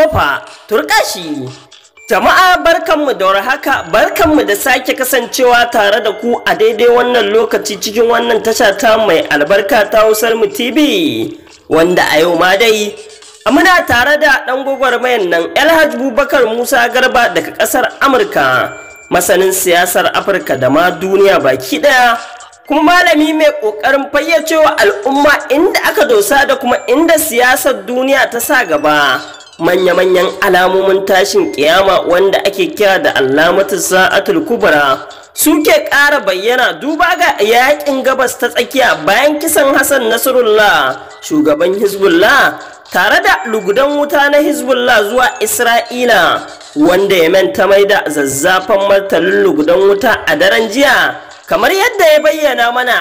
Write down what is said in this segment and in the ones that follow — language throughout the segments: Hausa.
tofa turkashi jama'a barkanmu da warhaka barkanmu da sake kasancewa tare da ku a daidai wannan lokaci cikin wannan tasha ta mai albarka ta hausar mu tv wanda a yau ma dai muna tare da ɗan gwagwarmayan nan alhaji bubakar musa garba daga ƙasar amurka masanin siyasar afirka da ma duniya baki ɗaya kuma malami mai ƙoƙarin fayyacewa al'umma inda aka dosa da kuma inda siyasar duniya ta sa gaba manya-manyan alamomin tashin kiyama wanda ake kira da alamatu sa'atul kubra suke ƙara bayyana duba ga yakin gabas ta tsakiya bayan kisan hassan nasrullah shugaban Hizbullah, tare da lugudan wuta na hezbollah zuwa isra'ila wanda ya manta mai da zazzafan martalin lugudan wuta a daren jiya kamar yadda ya bayyana mana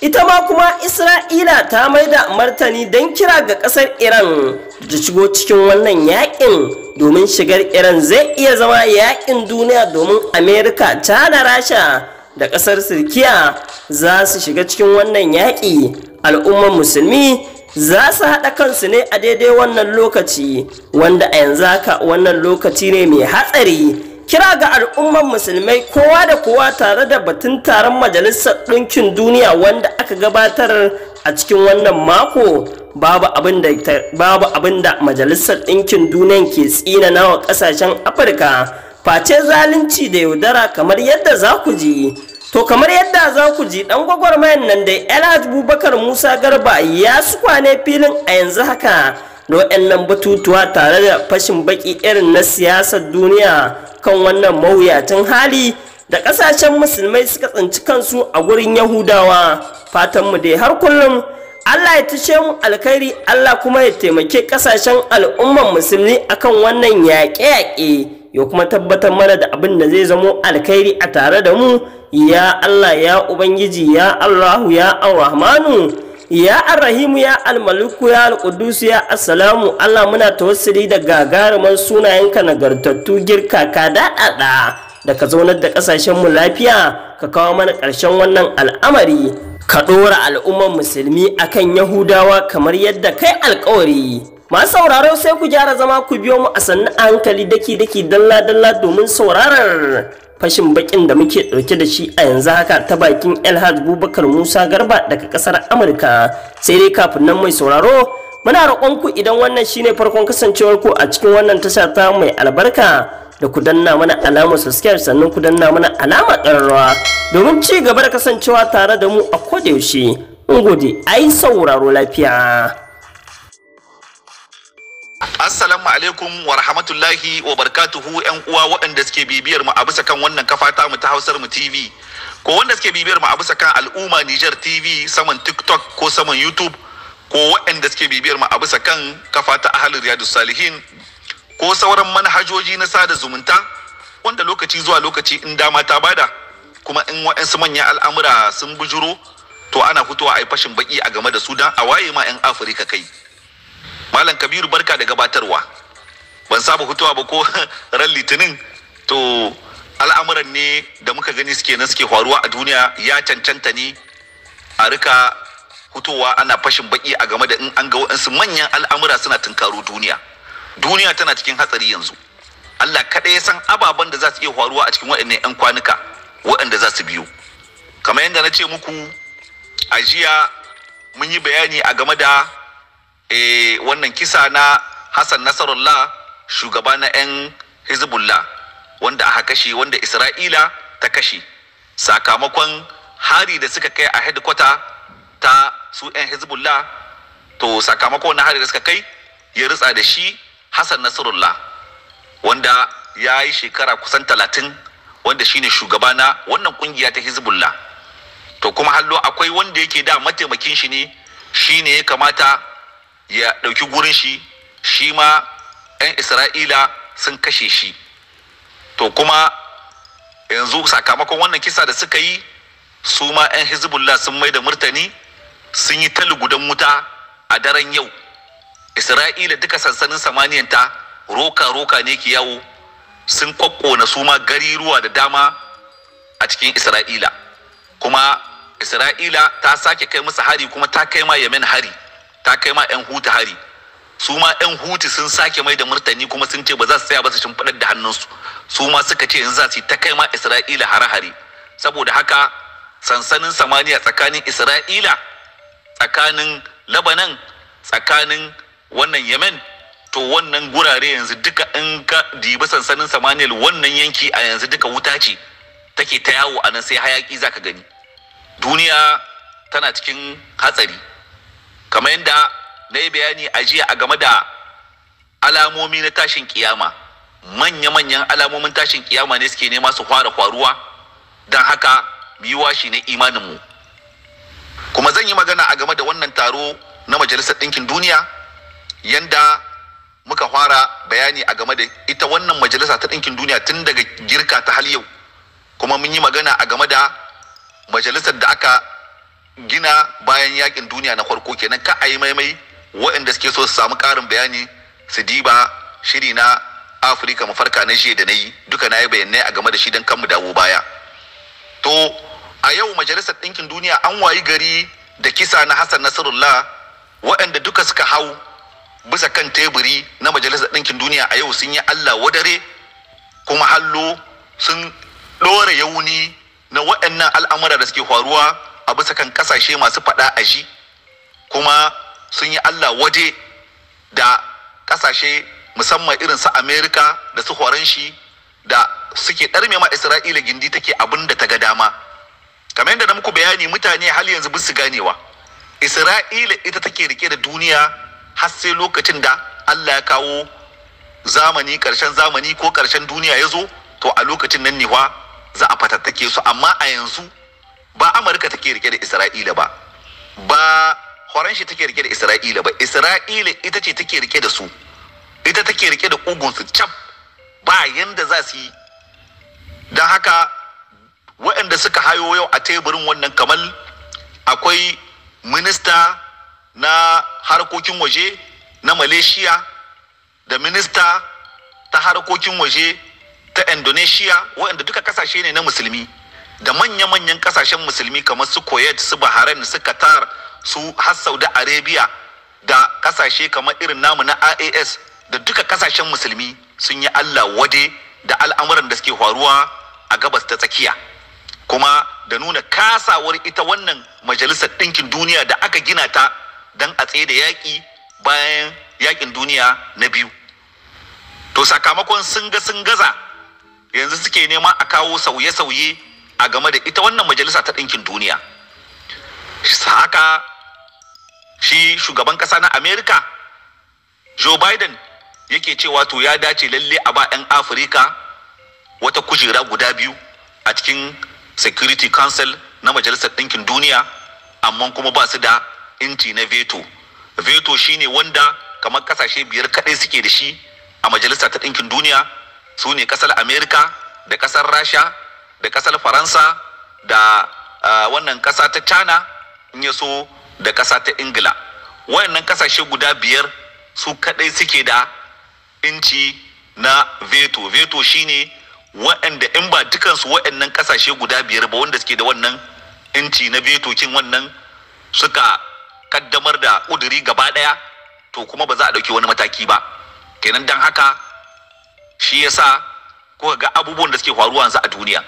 ita ma kuma isra'ila ta mai da martani don kira ga kasar iran da shigo cikin wannan yakin domin shigar iran zai iya zama yakin duniya domin amerika da rasha da kasar sirkiya za su shiga cikin wannan yaƙi al'ummar musulmi za su haɗa kansu ne a daidai wannan lokaci wanda a yanzu haka wannan lokaci ne mai hatsari kira ga al'ummar musulmai kowa da kowa tare da batun taron majalisar ɗinkin duniya wanda aka gabatar a cikin wannan mako babu abin da majalisar ɗinkin duniya ke tsina nawa ƙasashen afirka face zalunci da yaudara kamar yadda za ku ji to kamar yadda za ku ji ɗan gwagwarmayan nan da el abubakar musa garba ya sukwane filin a yanzu haka da waɗannan batutuwa tare da fashin baki irin na siyasar duniya kan wannan mawuyacin hali da ƙasashen musulmai suka tsinci kansu a gurin yahudawa fatanmu dai har kullum allah ya tushe mu alkhairi allah kuma ya taimake ƙasashen al'umman musulmi akan wannan yaƙe-yaƙe ya kuma tabbatar mana da abin da zai zamo alkhairi a tare da mu ya allah ya ubangiji ya allahu ya arrahmanu ya arrahimu ya almaliku ya alƙudusu ya assalamu allah muna tawassuli da gagaruman sunayenka nagartattu girka ka daɗaɗa da ka zaunar da ƙasashenmu lafiya ka kawo mana ƙarshen wannan al'amari ka ɗora al'ummar musulmi akan yahudawa kamar yadda kai alƙawari. masu sauraro sai ku gyara zama ku biyo mu a sannu a hankali daki daki dalla dalla domin sauraron. fashin bakin da muke ɗauke da shi a yanzu haka ta bakin elhad bubakar musa garba daga ƙasar amurka sai dai kafin nan mai sauraro muna roƙon ku idan wannan shine farkon kasancewar ku a cikin wannan tasha ta mai albarka da ku danna mana alamar subscribe sannan ku danna mana alamar ƙararrawa domin ci gaba da kasancewa tare da mu a kodayaushe mun gode ai sauraro lafiya Assalamu alaikum wa rahmatullahi wa barkatuhu yan uwa waɗanda suke bibiyar mu a bisa kan wannan kafa ta mu ta Hausar mu TV ko wanda suke bibiyar mu a bisa kan al'umma Niger TV saman TikTok ko saman YouTube ko waɗanda suke bibiyar mu a bisa kan kafa ta halin Riyadus Salihin ko sauran manhajoji na sada zumunta wanda lokaci zuwa lokaci in dama ta bada kuma in waɗansu manyan al'amura sun bujuro to ana fitowa a yi fashin baki a game da su dan a waye ma 'yan Afirka kai. malam kabiru barka da gabatarwa ban saba hutuwa ba ko ran litinin to al'amuran ne da muka gani suke nan suke faruwa a duniya ya cancanta ne a rika hutowa ana fashin baki a game da in an ga waɗansu manyan al'amura suna tunkaro duniya duniya tana cikin hatsari yanzu Allah kaɗai ya san ababen da za su iya faruwa a cikin waɗannan 'yan kwanuka waɗanda za su biyo kamar yadda na ce muku a jiya mun yi bayani a game da e, wannan kisa na hassan nasarullah shugaba na 'yan hezbollah wanda aka kashe wanda isra'ila ta kashe sakamakon hari da suka kai a headquarter ta su 'yan hezbollah to sakamakon na hari da suka kai ya ritsa da shi hassan nasarullah wanda ya yi shekara kusan talatin wanda shine shugaba na wannan kungiya ta hezbollah to kuma hallo akwai wanda yake da mataimakin shi ne shi ne ya kamata ya ɗauki gurin shi shi ma 'yan isra'ila sun kashe shi to kuma yanzu sakamakon wannan kisa da suka yi su ma 'yan hezbollah sun mai da murtani sun yi ta lugudan wuta a daren yau isra'ila duka sansanin samaniyanta roka-roka ne ke yawo sun kwakkona su ma ruwa da dama a cikin isra'ila kuma isra'ila ta sake kai musu hari kuma ta kai ma yamen hari ta kai ma yan hutu hari su ma yan hutu sun sake mai da murtani kuma sun ce ba za su tsaya ba su shimfiɗar da hannunsu su ma suka ce in za su yi ta kai ma isra'ila hare-hare saboda haka sansanin samaniya tsakanin isra'ila tsakanin labanan tsakanin wannan yemen to wannan gurare yanzu duka in ka dibi sansanin samaniyal wannan yanki a yanzu duka wuta ce take ta yawo a nan sai hayaki zaka gani duniya tana cikin hatsari kamar yadda na yi bayani a jiya a game da alamomi na tashin kiyama manya-manyan alamomin tashin kiyama ne suke nema su fara kwaruwa don haka biyuwa shi ne imaninmu kuma zan yi magana a game da wannan taro na majalisar ɗinkin duniya yanda muka fara bayani a game da ita wannan majalisa ta ɗinkin duniya tun daga girka ta hal yau kuma mun yi magana a game da majalisar da aka gina bayan yakin duniya na farko kenan ka a yi maimai waɗanda suke so su samu ƙarin bayani su diba shiri na afirka mafarka na shi da na yi duka na yi bayanai a game da shi don kanmu dawo baya to a yau majalisar ɗinkin duniya an wayi gari da kisa na hassan nasarullah waɗanda duka suka hau bisa kan teburi na majalisar ɗinkin duniya a yau sun yi allah wadare kuma hallo sun ɗora yauni na waɗannan al'amura da suke faruwa a bisa kan kasashe masu faɗa a shi. kuma sun yi Allah waje da kasashe musamman irin su Amerika da su shi da suke ɗarme ma Isra'ila gindi take abin da ta ga dama kamar yadda na muku bayani mutane hal yanzu bisu ganewa Isra'ila ita take rike da duniya har sai lokacin da Allah ya kawo zamani ƙarshen zamani ko karshen duniya ya zo to a lokacin nan ne za a fatattake su amma a yanzu ba amurka take rike da isra'ila ba ba horon shi take rike da isra'ila ba isra'ila ita ce take rike da su ita take rike da su cap ba yanda za su yi don haka waɗanda suka hayo yau a teburin wannan kamal akwai minista na harkokin waje na malaysia da minista ta harkokin waje ta indonesia waɗanda duka kasashe ne na musulmi da manya-manyan kasashen musulmi kamar su kuwait su bahrain su qatar su har saudi arabia da kasashe kamar irin namu na ias da duka kasashen musulmi sun yi allah wade da al'amuran da suke faruwa a gabas ta tsakiya kuma da nuna kasawar ita wannan majalisar ɗinkin duniya da aka gina ta don a tsaye da yaƙi bayan yaƙin duniya na biyu to sakamakon sun ga sun gaza yanzu suke nema a kawo sauye-sauye a game da ita wannan majalisa ta ɗinkin duniya haka shi shugaban ƙasa na amerika joe biden yake cewa to ya dace lalle a ba 'yan afirka wata kujera guda biyu a cikin security council na majalisar ɗinkin duniya amma kuma ba su da inci na veto veto shine wanda kamar kasashe biyar kaɗai suke da shi a majalisa ta ɗinkin duniya su ne ƙasar amerika da ƙasar rasha da kasar faransa da wannan kasa ta china in so da kasa ta ingila wayannan kasashe guda biyar su kadai suke da inci na veto veto shine waɗanda in ba dukansu waɗannan kasashe guda biyar ba wanda suke da wannan inci na veto kin wannan suka kaddamar da ƙuduri gaba ɗaya to kuma ba za a dauki wani mataki ba kenan dan haka shi yasa kuka ga abubuwan da suke faruwa yanzu a duniya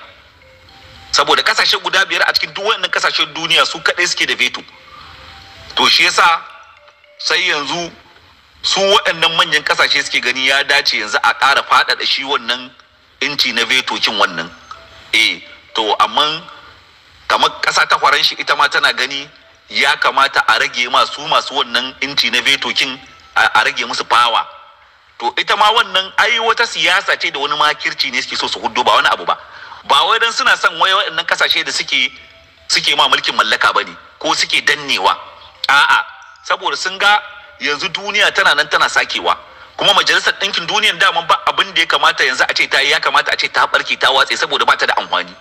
saboda kasashe guda biyar a cikin duk wannan kasashen duniya su kaɗai suke da veto to shi yasa sai yanzu su waɗannan manyan kasashe suke gani ya dace yanzu a ƙara faɗaɗa shi wannan inci na veto kin wannan eh to amma kamar ƙasa ta faran shi ita ma tana gani ya kamata a rage masu masu wannan inci na veto kin a rage musu fawa to ita ma wannan ai wata siyasa ce da wani makirci ne suke so su hudu ba wani abu ba ba wai dan suna son wai waɗannan kasashe da suke suke ma mulkin mallaka ba ne ko suke dannewa a'a saboda sun ga yanzu duniya tana nan tana sakewa kuma majalisar ɗinkin duniyan dama ba abin da ya kamata yanzu a ce ta ya kamata a ce ta barke ta watse saboda ba ta da amfani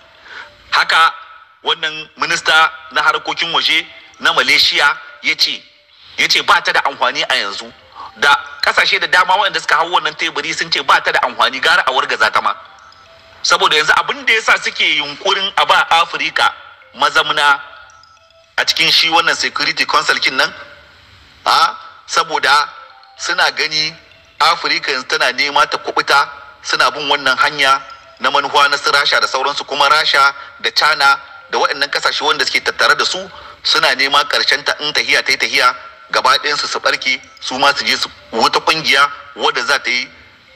haka wannan minista na harkokin waje na malaysia ya ce ba ta da amfani a yanzu da kasashe da dama waɗanda suka hau wannan teburi sun ce ba ta da amfani gara a wargaza ta ma saboda yanzu abin da yasa suke yunkurin a ba Afirika mazamuna a cikin shi wannan security council kin nan a saboda suna gani afirka yanzu tana nema ta kubuta suna bin wannan hanya na manuwa na su rasha da sauransu kuma rasha da china da waɗannan kasashe wanda suke tattare da su suna nema ƙarshen ta in tahiya ta yi tahiya gaba su barke su ma su je wata ƙungiya wadda za ta yi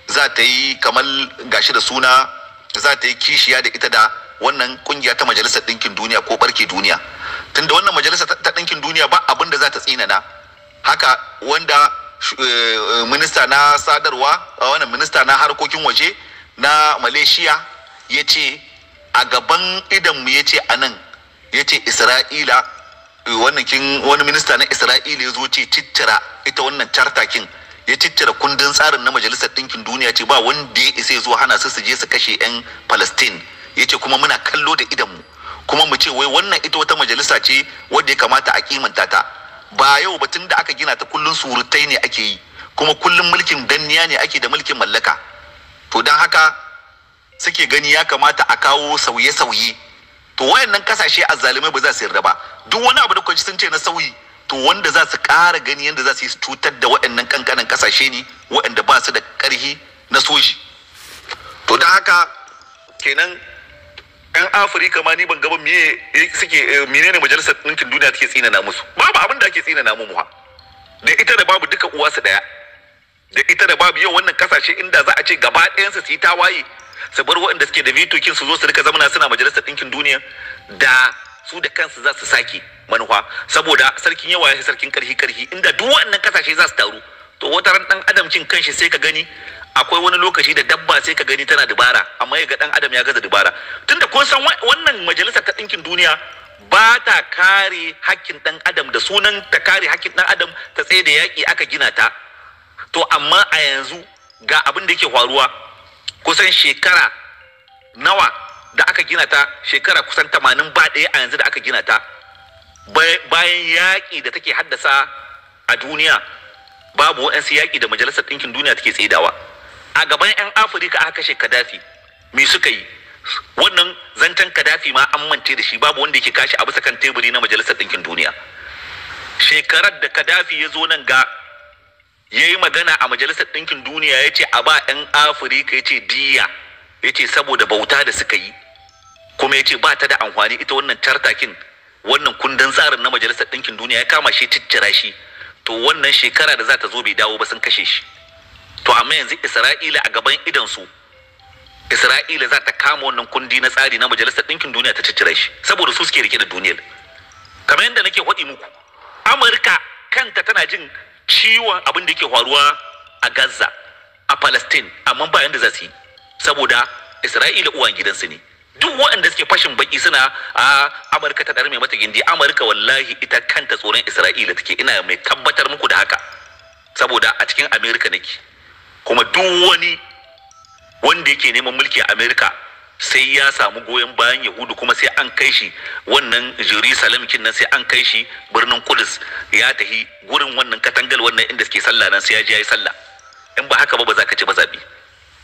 za ta yi kamar gashi da suna da za ta yi kishiya da ita da wannan kungiya ta majalisar ɗinkin duniya ko barke duniya tunda wannan majalisar ta ɗinkin duniya ba abin da za ta tsinana haka wanda eh, minista na sadarwa wannan minista na harkokin waje na malaysia ya ce a gaban idanmu ya ce a nan ya ce isra'ila eh, wannan kin wani minista na isra'ila ya zo ce cittira ita wannan cartakin ya ciccire kundin tsarin na majalisar ɗinkin duniya ce ba wanda ya isa zuwa hana su su je su kashe 'yan palestine ya ce kuma muna kallo da idanmu kuma mu ce wai wannan ita wata majalisa ce wadda ya kamata a kimanta ta ba yau ba tun da aka gina ta kullum surutai ne ake yi kuma kullum mulkin danniya ne ake da mulkin mallaka to don haka suke gani ya kamata a kawo sauye-sauye to wayannan kasashe a azzalumai ba za su yarda ba duk wani abu da kwanci sun ce na sauyi to wanda za su kara gani yadda za su yi cutar da waɗannan kankanan kasashe ne waɗanda ba su da ƙarhi na soji to don haka kenan yan afirka ma ni ban gaba me suke eh, ne majalisar ɗinkin duniya take tsinana musu babu abin da ake tsinana na muha da ita da babu duka uwa su daya da ita da babu yau wannan kasashe inda za a ce gaba ɗayansu su yi tawaye su bar waɗanda suke da vetokin su zo su rika zamana suna majalisar ɗinkin duniya da su da kansu za su sake manufa saboda sarkin yawa ya sarkin karhi karhi inda duk wannan kasashe za su taru to wata ran dan adam cin kanshi sai ka gani akwai wani lokaci da dabba sai ka gani tana dubara amma ya ga dan adam ya gaza dubara tunda kun san wannan majalisar ta ɗinkin duniya ba ta kare hakkin dan adam da sunan ta kare hakkin dan adam ta tsaye da yaki aka gina ta to amma a yanzu ga abin da yake faruwa kusan shekara nawa da aka gina ta shekara kusan tamanin ba ɗaya a yanzu da aka gina ta bayan yaƙi da take haddasa a duniya babu waɗansu yaƙi da majalisar ɗinkin duniya take tsidawa a gaban 'yan afirka aka kashe kadafi me suka yi wannan zancen kadafi ma an mance da shi babu wanda yake kashi a bisa kan teburi na majalisar ɗinkin duniya shekarar da kadafi ya zo nan ga ya yi magana a majalisar ɗinkin duniya ya ce a ba 'yan afirka ya ce diya ya ce saboda bauta da suka yi kuma ya ce ba ta da amfani ita wannan tartakin wannan kundin tsarin na majalisar ɗinkin duniya ya kama shi ciccira shi to wannan shekara da za ta zo bai dawo ba sun kashe shi to amma yanzu isra'ila a gaban idansu isra'ila za ta kama wannan kundi na tsari na majalisar ɗinkin duniya ta ciccira shi saboda su suke rike da duniyar kamar yadda nake faɗi muku amurka kanta tana jin ciwon abin da yake faruwa a gaza a palestine amma ba yadda za su yi saboda isra'ila uwan gidansu ne duk waɗanda suke fashin baki suna a amurka ta ɗar mai mata gindi amurka wallahi ita kanta tsoron isra'ila take ina mai tabbatar muku da haka saboda a cikin amerika nake kuma duk wani wanda yake neman mulki a amerika sai ya samu goyon bayan yahudu kuma sai an kai shi wannan jerusalem kin nan sai an kai shi birnin kudus ya tahi gurin wannan katangal wannan inda suke sallah nan sai ya je ya yi sallah in ba haka ba ba za ka ci ba zabi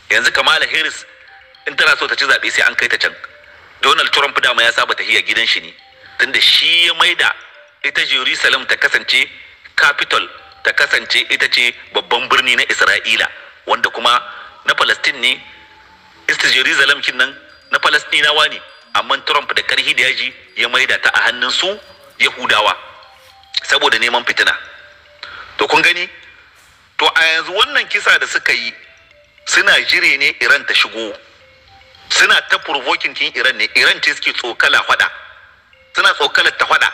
yanzu kamala harris in tana so ta ci zaɓe sai an kai ta can donald trump dama ya saba hiya gidan shi ne tunda shi ya maida ita jerusalem ta kasance capital ta kasance ita ce babban birni na isra'ila wanda kuma na palestine ne ista jerusalem kin nan na palestinawa ne amma trump da karhi da yaji ya maida ta a hannun su yahudawa saboda neman fitina to kun gani to a yanzu wannan kisa da suka yi suna jire ne iran ta shigo suna ta provoking kin Iran ne Iran ce suke tsokala fada suna tsokala ta fada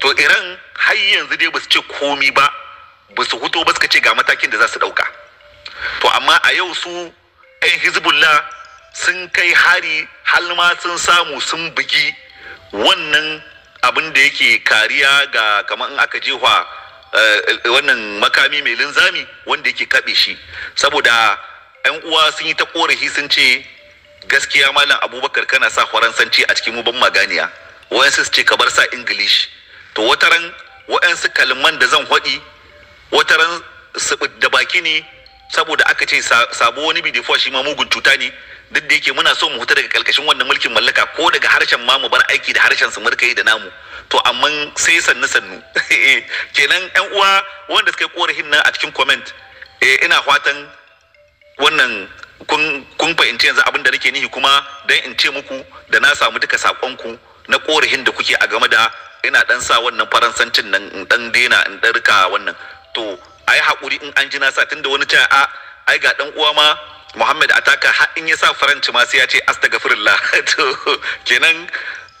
to Iran har yanzu dai basu ce komi ba ba su huto ba suka ce ga matakin da za su dauka to amma a yau su ɗan Hezbollah sun kai hari har ma sun samu sun bugi wannan abin da yake kariya ga kamar in aka wa eh, wannan makami mai linzami wanda yake kaɓe shi saboda 'yan uwa sun yi ta korafi sun ce gaskiya malam abubakar kana sa faransanci a cikin muban maganiya wayansu su ce ka bar sa English. to wataran wayansu kalman da zan faɗi wataran da baki ne saboda aka ce sabo wani bidifo shi ma mugun cuta ne duk da yake muna so mu huta daga kalkashin wannan mulkin mallaka ko daga harshen ma mu bar aiki da harshen su murkai da namu to amma sai sannu sannu eh, kenan yan uwa wanda suka yi korafin nan a cikin comment eh, ina fatan wannan kun kun fahimci yanzu abin da nake nihi kuma dan in ce muku da na samu duka sakonku na korihin da kuke a game da ina dan sa wannan faransancin nan in dan dena in dan rika wannan to ai hakuri in an ji na sa tunda wani ta a ai ga dan uwa ma Muhammad Ataka har in ya sa faranci ma sai ya ce astaghfirullah to kenan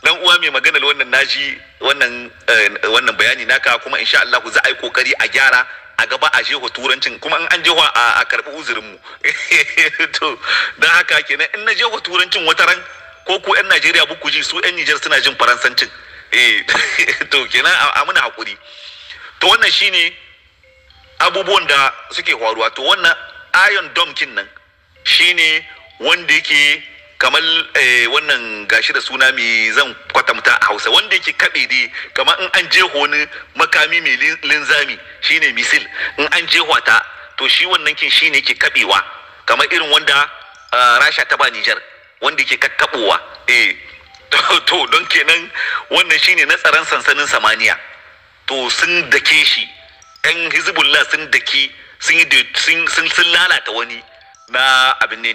dan uwa mai maganar wannan naji wannan eh, wannan bayani naka kuma insha Allah za a yi kokari a gyara a gaba a shehu turancin kuma in an jeho a karɓi mu to don haka kenan in na jeho turancin wata ran ko ku 'yan najeriya buku ji su 'yan nijar suna jin faransancin eh, to kenan a muna haƙuri to wannan shine abubuwan da suke faruwa to wannan ayon domkin nan shine wanda yake kamar eh, wannan gashi da suna mai zan kwatamta a hausa wanda yake kaɓe dai kamar in an je wani makami mai linzami shine misil in an je ta to shi wannan kin shine yake kaɓewa. kamar irin wanda rasha ta ba nijar wanda yake kakkaɓowa eh to don kenan wannan shine na tsaron sansanin samaniya to sun dake shi yan hizbullah sun daki sun lalata wani na abin ne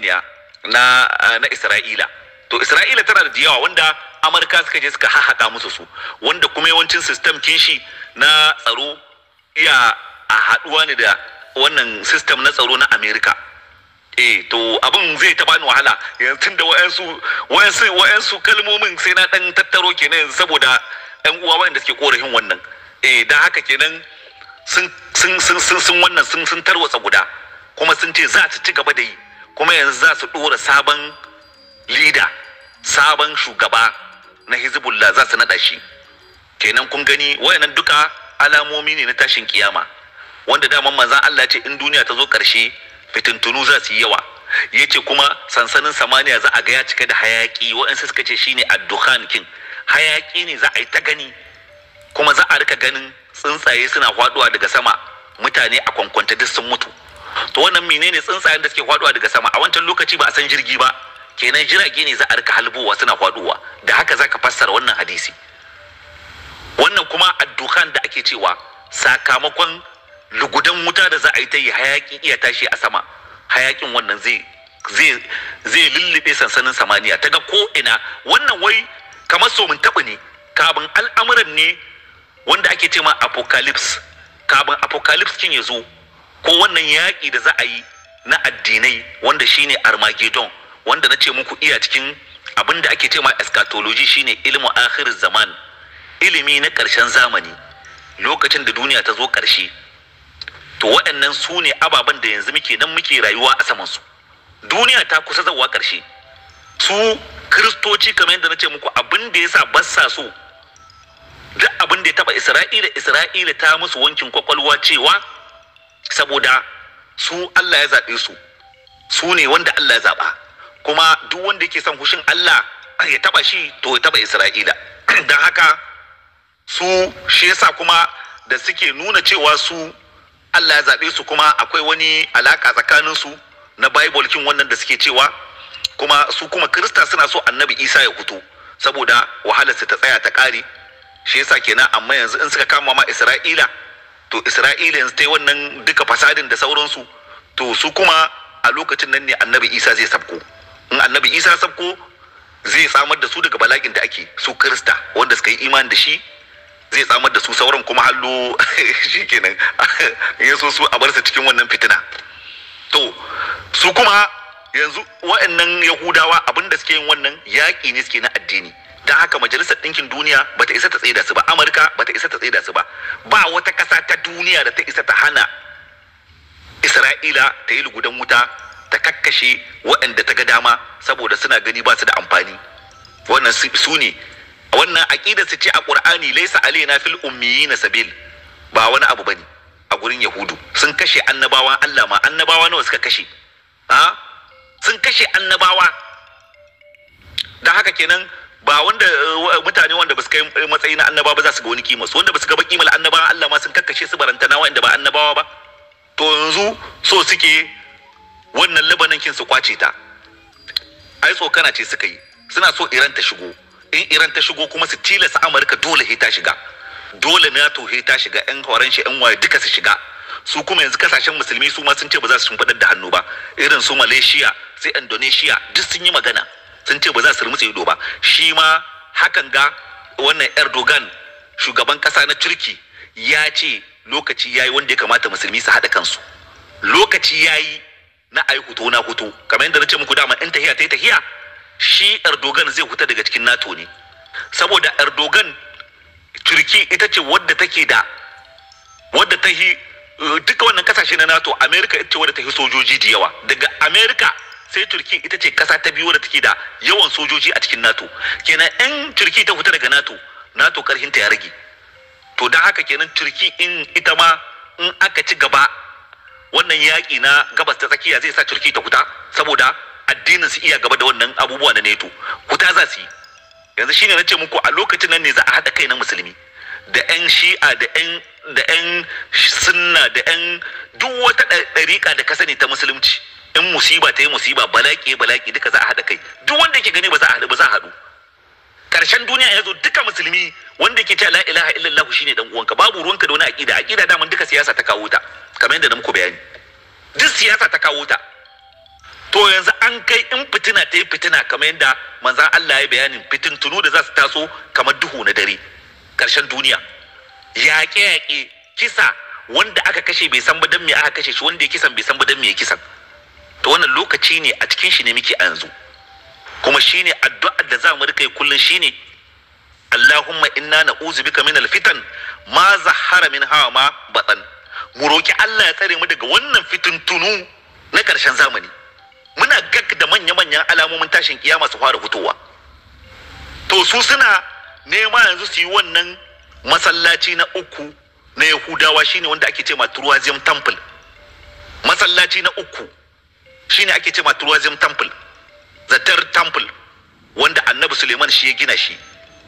na ah, na Isra'ila to Isra'ila tana da yawa wanda Amurka suka je suka hahaka musu su wanda kuma yawancin system kinshi na tsaro iya a ah, haɗuwa ne da wannan system na tsaro na Amerika eh to abin zai ta bani wahala yanzu tun da wayansu wayansu wayansu kalmomin sai na dan tattaro kenan yanzu, saboda yan uwa wanda suke korafin wannan eh dan haka kenan sun sun sun sun wannan sun sun tarwatsa guda kuma sun ce za su ci gaba da yi kuma yanzu za su ɗora sabon lida sabon shugaba na hizbullah za su naɗa shi kenan kun gani wayannan duka alamomi ne na tashin kiyama wanda daman manzan Allah ce in duniya ta zo ƙarshe fitintunu za su yi yawa yace kuma sansanin samaniya za a ga ya cika da hayaki waɗansu suka ce shine addukhan kin hayaki ne za a yi ta gani kuma za a rika ganin tsuntsaye suna faɗuwa daga sama mutane a kwankwanta duk sun mutu to wannan menene tsuntsayen da suke kwaduwa daga sama a wancan lokaci ba a san jirgi ba kenan jirage ne za a rika halbowa suna kwaduwa da haka zaka fassara wannan hadisi wannan kuma addukan da ake cewa sakamakon lugudan wuta da za a yi ta yi hayakin iya tashi a sama hayakin wannan zai zai lullube sansanin samaniya ta ga ko ina wannan wai kamar so mun taɓa ne kabin al'amuran ne wanda ake ce ma apocalypse kabin apocalypse kin ya zo ko wannan yaƙi da za a yi na addinai wanda shine armageddon wanda na ce muku iya cikin abin da ake ce eskatoloji eschatology shine ilimin akhir zaman ilimi na ƙarshen zamani lokacin da duniya ta zo ƙarshe to waɗannan su ne ababen da yanzu muke nan muke rayuwa a saman su duniya ta kusa zawa ƙarshe su kristoci kamar yadda na ce muku abin da yasa ba sa so duk abin da ya taba isra'ila isra'ila ta musu wankin kwakwalwa cewa saboda su Allah ya zaɓe su su ne wanda Allah ya zaɓa kuma duk wanda yake son hushin Allah ya taɓa shi to ya taɓa Isra'ila don haka su shi yasa kuma da suke nuna cewa su Allah ya zaɓe su kuma akwai wani alaƙa tsakanin su na Bible wannan da suke cewa kuma su kuma Kirista suna so Annabi Isa ya fito saboda wahalarsa ta tsaya ta ƙare shi yasa kenan amma yanzu in suka kama ma Isra'ila to isra'ila yanzu ta wannan duka fasadin da sauransu to su kuma a lokacin nan ne annabi isa zai sabko in annabi isa sabko zai samar da su daga bala'in da ake su kirista wanda suka yi imani da shi zai samar da su sauran kuma hallo shikenan. kenan su a barsa cikin wannan fitina to su kuma yanzu wa'annan yahudawa abinda suke yin wannan yaƙi ne suke na addini Da haka majalisar ɗinkin duniya bata isa ta tsida su ba amurka bata isa ta tsida su ba ba wata ƙasa ta duniya da ta isa ta hana isra'ila ta yi lugudan wuta ta kakkashe waɗanda ta ga dama saboda suna gani ba su da amfani wannan su ne wannan aƙidar su ce a ƙur'ani laisa alaina fil ummiyina sabil ba wani abu bane a gurin yahudu sun kashe annabawa Allah ma annabawa nawa suka kashe ah? sun kashe annabawa don haka kenan ba wanda eh, mutane wanda basu kai matsayi na annaba ba za su ga wani kima su wanda basu ga kimar annaba Allah ma sun kakkashe su barantana wanda ba annabawa ba to yanzu so suke wannan labanan kin su kwace ta ai kana ce suka yi suna so Iran ta shigo in Iran ta shigo kuma su tilasa Amurka dole he ta shiga dole NATO he ta shiga yan horon shi yan waye duka su shiga su kuma yanzu kasashen musulmi su ma sun ce ba za su shimfadar da hannu ba irin su Malaysia sai Indonesia duk sun yi magana sun ce ba za su musu ido ba shi ma hakan ga wannan Erdogan shugaban kasa na Turki ya ce lokaci ya yi wanda ya kamata musulmi su haɗa kansu lokaci ya yi na ayi hutu na hutu kamar yadda na ce muku dama in tahiya ta yi tahiya shi Erdogan zai huta daga cikin NATO ne saboda Erdogan Turki ita ce wadda take da wadda ta yi eh, duka wannan kasashe na NATO Amerika ita ce wadda ta yi sojoji da yawa daga Amerika sai turki ita ce kasa ta biyu da take da yawan sojoji a cikin nato kenan in turki ta fita daga nato nato karhinta ya rage to don haka kenan turki in ita ma in aka ci gaba wannan yaƙi na gabas ta tsakiya zai sa turki ta fita saboda addinin su iya gaba da wannan abubuwa na neto kuta za su yi yanzu shine na ce muku a lokacin nan ne za a haɗa kai na musulmi da 'yan shi'a da 'yan da 'yan sunna da 'yan duk wata ɗariƙa da ka sani ta musulunci in musiba ta yi musiba balaƙi balaƙi duka za a haɗa kai duk wanda yake gani ba za a haɗu ba za a haɗu karshen duniya ya zo duka musulmi wanda yake cewa la ilaha illallah shine dan uwanka babu ruwanka da wani aqida aqida daman duka siyasa ta kawo ta kamar yadda na muku bayani duk siyasa ta kawo ta to yanzu an kai in fitina ta yi fitina kamar yadda manzan Allah ya bayanin fitin tunu da za su taso kamar duhu na dare karshen duniya yaƙe-yaƙe kisa wanda aka kashe bai san ba dan me aka kashe shi wanda ya kisan bai san ba dan me ya kisan to wannan lokaci ne a cikin shi ne muke a yanzu kuma shi ne addu'ar da za mu rika yi shi ne. Allahumma inna uzu bika min alfitan ma zahara min hawa ma batsan mu roki Allah ya tsare mu daga wannan fitin tunu na karshen zamani muna gag da manya-manyan alamomin tashin kiyama su fara fitowa to su suna nema yanzu su yi wannan masallaci na uku na yahudawa shine wanda ake ce ma temple masallaci na uku shine ake ce Tourism Temple the third temple wanda Annabi Suleiman shi ya gina shi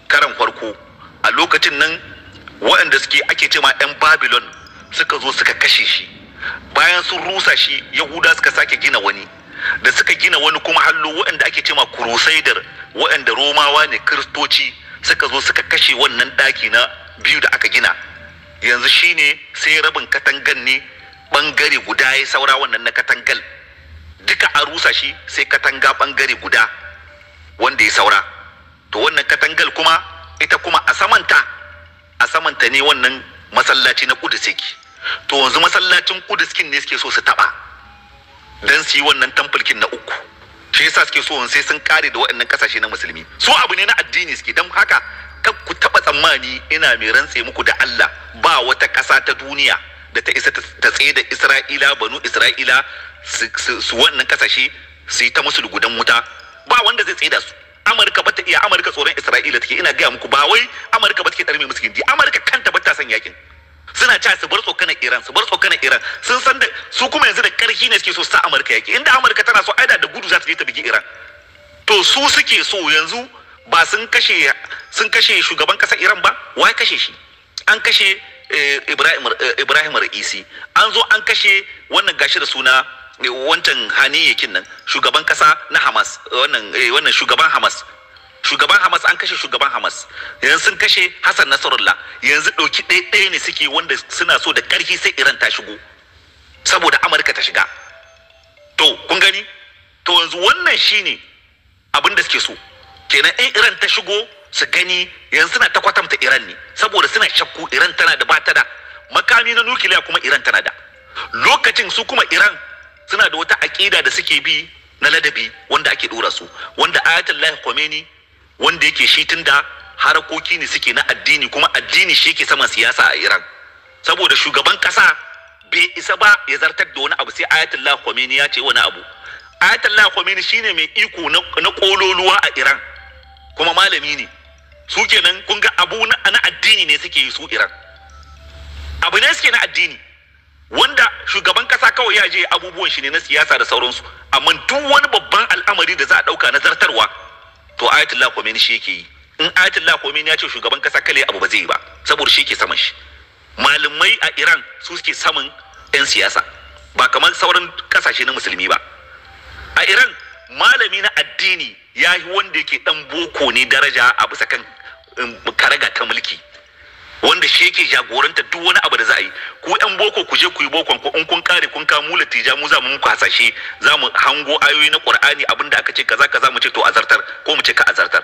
karan farko a lokacin nan waɗanda suke ake ce ma 'yan Babylon suka zo suka kashe shi bayan sun rusa shi Yahuda suka sake gina wani da suka gina wani kuma hallo waɗanda ake ce ma Crusader waɗanda Romawa ne Kiristoci suka zo suka kashe wannan ɗaki na biyu da aka gina yanzu shine sai rabin katangar ne ɓangare guda ya saura wannan na katangal duka a rusa shi sai katanga bangare guda wanda ya saura to wannan katangal kuma ita kuma a samanta a samanta ne wannan masallaci na kudus yake to yanzu masallacin kudus kin ne suke so su taba dan su yi wannan tamfulkin na uku shi yasa suke so sai sun kare da waɗannan kasashe na musulmi su abu ne na addini suke dan haka kar ku taba tsammani ina mai rantse muku da Allah ba wata ƙasa ta duniya da ta isa ta tsaye da Isra'ila banu Isra'ila su wannan kasashe su yi ta musu lugudan wuta ba wanda zai tsaye da su amurka bata iya amurka tsoron isra'ila take ina gaya muku ba wai amurka ba ke tsarmi musu gindi amurka kanta bata son yakin suna cewa su bar tsokanar iran su bar tsokanar iran sun san da su kuma yanzu da karhi ne suke so sa amurka yaki inda amurka tana so aida da gudu za ta je ta bigi iran to su suke so yanzu ba sun kashe sun kashe shugaban kasar iran ba wai kashe shi an kashe eh, eh, ibrahim ra'isi an zo an kashe wannan gashi da suna wancan yakin nan shugaban kasa na hamas wannan eh, wannan shugaban hamas shugaban hamas an kashe shugaban hamas yanzu sun kashe hassan nasarullah yanzu ɗauki ɗaya ne suke wanda suna so da ƙarfi sai iran ta shigo saboda amurka ta shiga to kun gani to yanzu wannan shine abin da suke so kenan in iran ta shigo su gani yanzu suna ta kwatamta iran ne saboda suna shakku iran tana da ba ta da makami na nukiliya kuma iran tana da lokacin su kuma iran suna da wata aƙida da suke bi na ladabi wanda ake ɗora su wanda ayatullahi khomeini wanda yake shi tunda harakoki ne suke na addini kuma addini shi yake saman siyasa a Iran saboda shugaban kasa bai isa ba ya zartar da wani abu sai ayatullahi khomeini ya ce wani abu ayatullahi khomeini shine mai iko na kololuwa a Iran kuma malami ne su kenan kun ga abu na addini ne suke yi su Iran abu ne suke na addini wanda shugaban kasa kawai ya je abubuwan shi ne na siyasa da sauransu amma duk wani babban al'amari da za a dauka na zartarwa to ayatullah khomeini shi yake yi in ayatullah khomeini ya ce shugaban kasa kale abu ba zai yi ba saboda shi ke saman shi malamai a iran su suke saman yan siyasa ba kamar sauran kasashe na musulmi ba a iran malami na addini ya yi wanda yake dan boko ne daraja a bisa kan um, karaga ta mulki wanda shi yake jagoranta duk wani abu da za a yi ku yan boko ku je ku yi bokon ko in kun kare kun ka mula tija mu za mu muku hasashe za mu hango ayoyi na qur'ani abinda aka ce kaza kaza mu ce to azartar ko mu ce ka azartar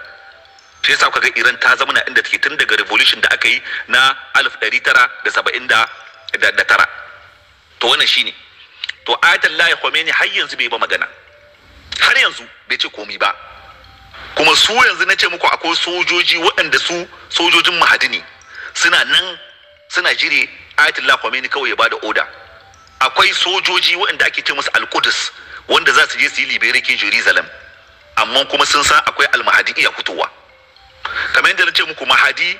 shi yasa kaga Iran ta zama na inda take tun daga revolution da aka yi na 1979 to wannan shine to ayatullahi Khomeini har yanzu bai ba magana har yanzu bai ce komai ba kuma su yanzu na ce muku akwai sojoji waɗanda su sojojin mahadini. suna nan suna jire ayatollah kwamini kawai ya bada oda akwai sojoji waɗanda ake ce musu alkudus wanda za su je su yi liberakin jerusalem amma kuma sun san akwai almahadi iya fitowa kamar yadda na ce muku mahadi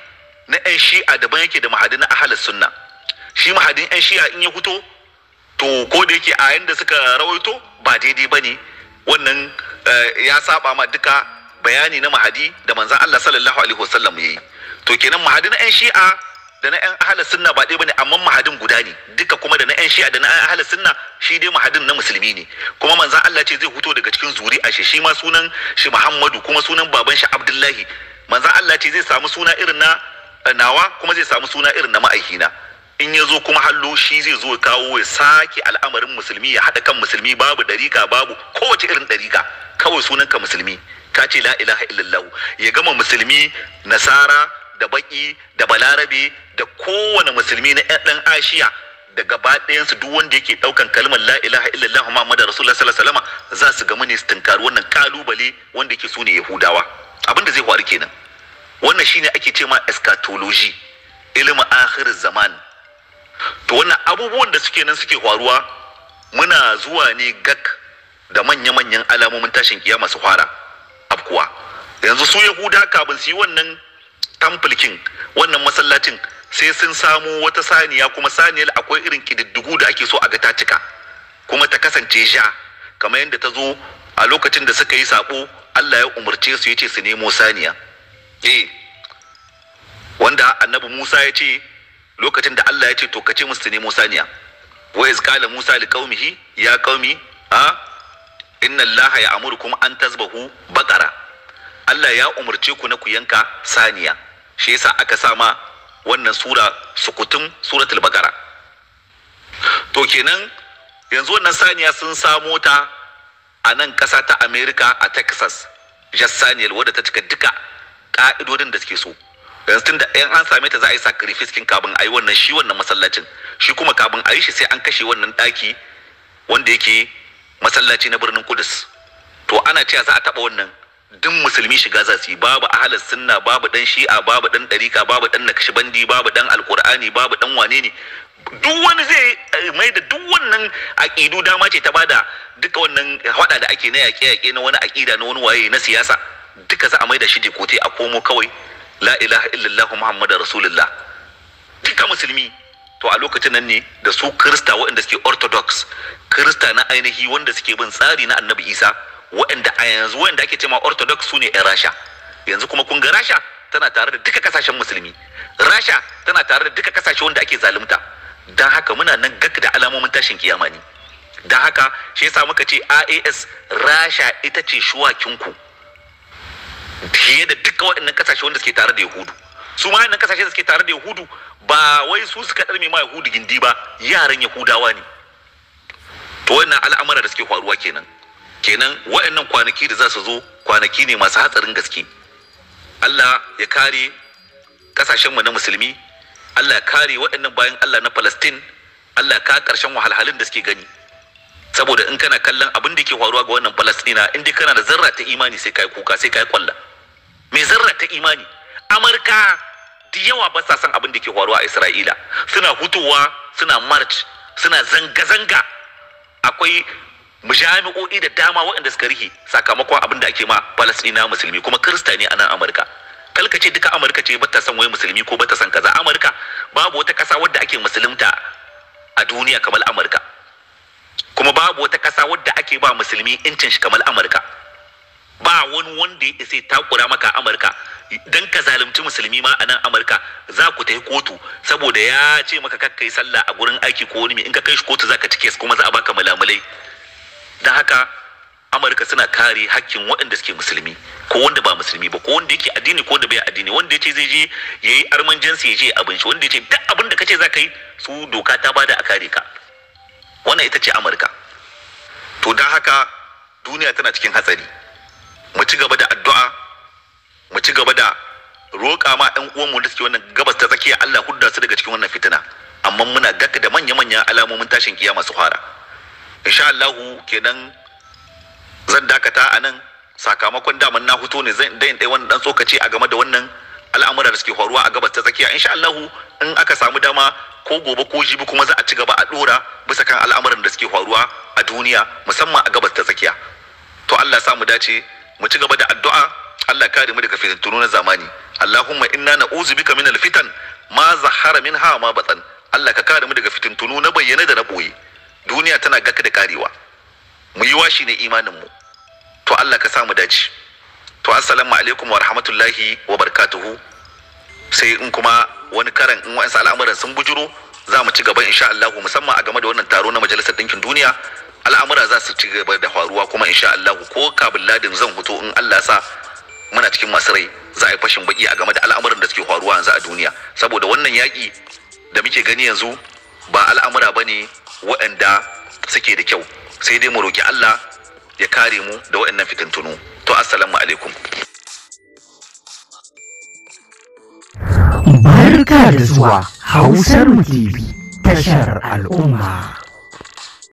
na yan shi'a daban yake da mahadi na ahalar sunna shi mahadin yan shi'a in ya fito to ko da yake a yanda suka rawaito ba daidai ba ne wannan eh, ya saba ma duka bayani na mahadi da manzan Allah sallallahu alaihi wasallam ya yi to kenan mahadi na 'yan shi'a da na 'yan ahalar sunna ba ɗaya bane amma mahadin guda ne duka kuma da na 'yan shi'a da na 'yan ahalar sunna shi dai mahadin na musulmi ne kuma manzan Allah ce zai huto daga cikin zuri a shi ma sunan shi Muhammadu kuma sunan baban shi Abdullahi manzan Allah ce zai samu suna irin na eh, nawa kuma zai samu suna irin na ma'aikina in ya zo kuma hallo shi zai zo kawo ya sake al'amarin musulmi ya haɗa kan musulmi babu ɗarika babu kowace irin ɗarika kawai sunanka musulmi ka ce la ilaha illallah ya gama musulmi nasara da baki da balarabe da kowane musulmi na ɗan ashiya da gaba ɗayansu duk wanda yake ɗaukan kalmar la ilaha illallah muhammadu rasulullah sallallahu alaihi wasallam za su ga ne su wannan kalubale wanda yake sune yahudawa Abinda zai faru kenan wannan shine ake ce ma eschatology ilimin akhir zaman to wannan abubuwan da suke nan suke faruwa muna zuwa ne gak da manya-manyan alamomin tashin kiyama su fara abkuwa yanzu su yahuda kafin su yi wannan temple king wannan masallacin sai sun samu wata saniya kuma saniyar akwai irin kididdigu da ake so a ga ta cika kuma ta kasance sha kamar yadda ta zo a lokacin da suka yi sabo Allah ya umarce su ya ce su nemo saniya eh wanda annabi Musa ya ce lokacin da Allah ya ce to ka ce musu nemo saniya wa iz qala Musa li qaumihi ya qaumi a inna Allah ya amurkum an tazbahu baqara Allah ya umarce ku na ku yanka saniya shi yasa aka sa ma wannan sura sukutun suratul bagara to kenan yanzu wannan saniya sun samo ta a nan ƙasa ta america a texas saniyal wadda ta cika duka ƙa'idodin da suke so yanzu tun da yan an same ta za a yi sacrifice kin kabin a yi wannan shi wannan masallacin shi kuma kabin a yi shi sai an kashe wannan ɗaki wanda yake masallaci na birnin kudus to ana cewa za a taɓa wannan duk musulmi shiga za yi babu ahalar sunna babu dan shi'a babu dan ɗarika babu dan nakshibandi babu dan alkur'ani babu dan wane ne duk wani zai eh, mai da duk wannan aƙidu dama ce ta bada duka wannan haɗa da ake na yaƙe-yaƙe na wani aƙida na wani waye na siyasa duka za a mai da shi kote a komo kawai la ilaha illallah muhammadu rasulullah duka musulmi to a lokacin nan ne da su kirista waɗanda suke orthodox kirista na ainihi wanda suke bin tsari na annabi isa waɗanda a yanzu waɗanda ake cewa orthodox su ne 'yan rasha yanzu kuma kun ga rasha tana tare da duka kasashen musulmi rasha tana tare da duka kasashe wanda ake zalunta don haka muna nan gak da alamomin tashin kiyama ne don haka shi yasa muka ce AAS rasha ita ce shuwakinku fiye da duka waɗannan kasashe wanda suke tare da yahudu su ma waɗannan kasashe da suke tare da yahudu ba wai su suka ɗarme ma yahudu gindi ba yaran yahudawa ne to wannan al'amura da suke faruwa kenan kenan waɗannan kwanaki da za su zo kwanaki ne masu hatsarin gaske Allah ya kare kasashenmu na musulmi Allah ya kare waɗannan bayan Allah na Palestine Allah ka ƙarshen wahalhalun da suke gani saboda in kana kallon abin da ke faruwa ga wannan Palestina in dai kana da zarra ta imani sai kai kuka sai kai kwalla me zarra ta imani Amurka da yawa ba sa san abin da ke faruwa a Isra'ila suna hutuwa suna march suna zanga-zanga akwai jami'o'i da dama waɗanda suka rihe sakamakon abin da ake ma falasɗina musulmi kuma kirista ne a nan amurka kalka ce duka amurka ce bata son wai musulmi ko bata son kaza amurka babu wata ƙasa wadda ake musulunta a duniya kamar amurka kuma babu wata ƙasa wadda ake ba musulmi incin shi kamar amurka ba wani wanda ya isa takura maka amurka dan ka zalunci musulmi ma a nan amurka za ku ta yi kotu saboda ya ce maka kakkai sallah a gurin aiki ko wani in ka kai shi kotu za ka ci kes kuma za a baka mulamulai don haka amurka suna kare hakkin waɗanda suke musulmi ko wanda ba musulmi ba ko wanda yake addini ko wanda bai addini wanda yace zai je yayi jinsi ya je abin shi wanda yace duk abin da kace za ka yi su doka ta bada a kare ka wannan ita ce amurka to don haka duniya tana cikin hatsari mu ci gaba da addu'a mu ci gaba da roƙa ma ɗan mu da suke wannan gabas ta tsakiya Allah hudda su daga cikin wannan fitina amma muna daka da manya-manyan alamomin tashin kiyama su fara insha Allah kenan zan dakata a nan sakamakon daman na fito ne zan dai wani dan tsokaci a game da wannan al'amura da suke horuwa a gabas ta tsakiya insha Allah in aka samu dama ko gobe ko jibi kuma za a ci gaba a dora bisa kan al'amuran da suke horuwa a duniya musamman a gabas ta tsakiya to Allah ya sa mu dace mu ci gaba da addu'a Allah kare mu daga fitintunu na zamani Allahumma inna na'uzu bika minal fitan ma zahara minha ma batan Allah ka kare mu daga fitintunu na bayyana da na boye duniya tana gaka da karewa mu yi washi ne imanin mu to Allah ka samu daji to assalamu alaikum wa rahmatullahi wa barakatuhu sai in kuma wani karan in wa'ansu al'amuran sun bujuro za mu ci gaba insha Allah musamman a game da wannan taro na majalisar ɗinkin duniya al'amura za su ci gaba da faruwa kuma insha Allah ko kabin ladin zan fito in Allah sa muna cikin masu rai za a yi fashin baki a game da al'amuran da suke faruwa yanzu a duniya saboda wannan yaƙi da muke gani yanzu ba al'amura bane waɗanda suke da kyau sai dai mu roki Allah ya kare mu da waɗannan fitintunu to assalamu alaikum barka da zuwa hausar tv tashar al'umma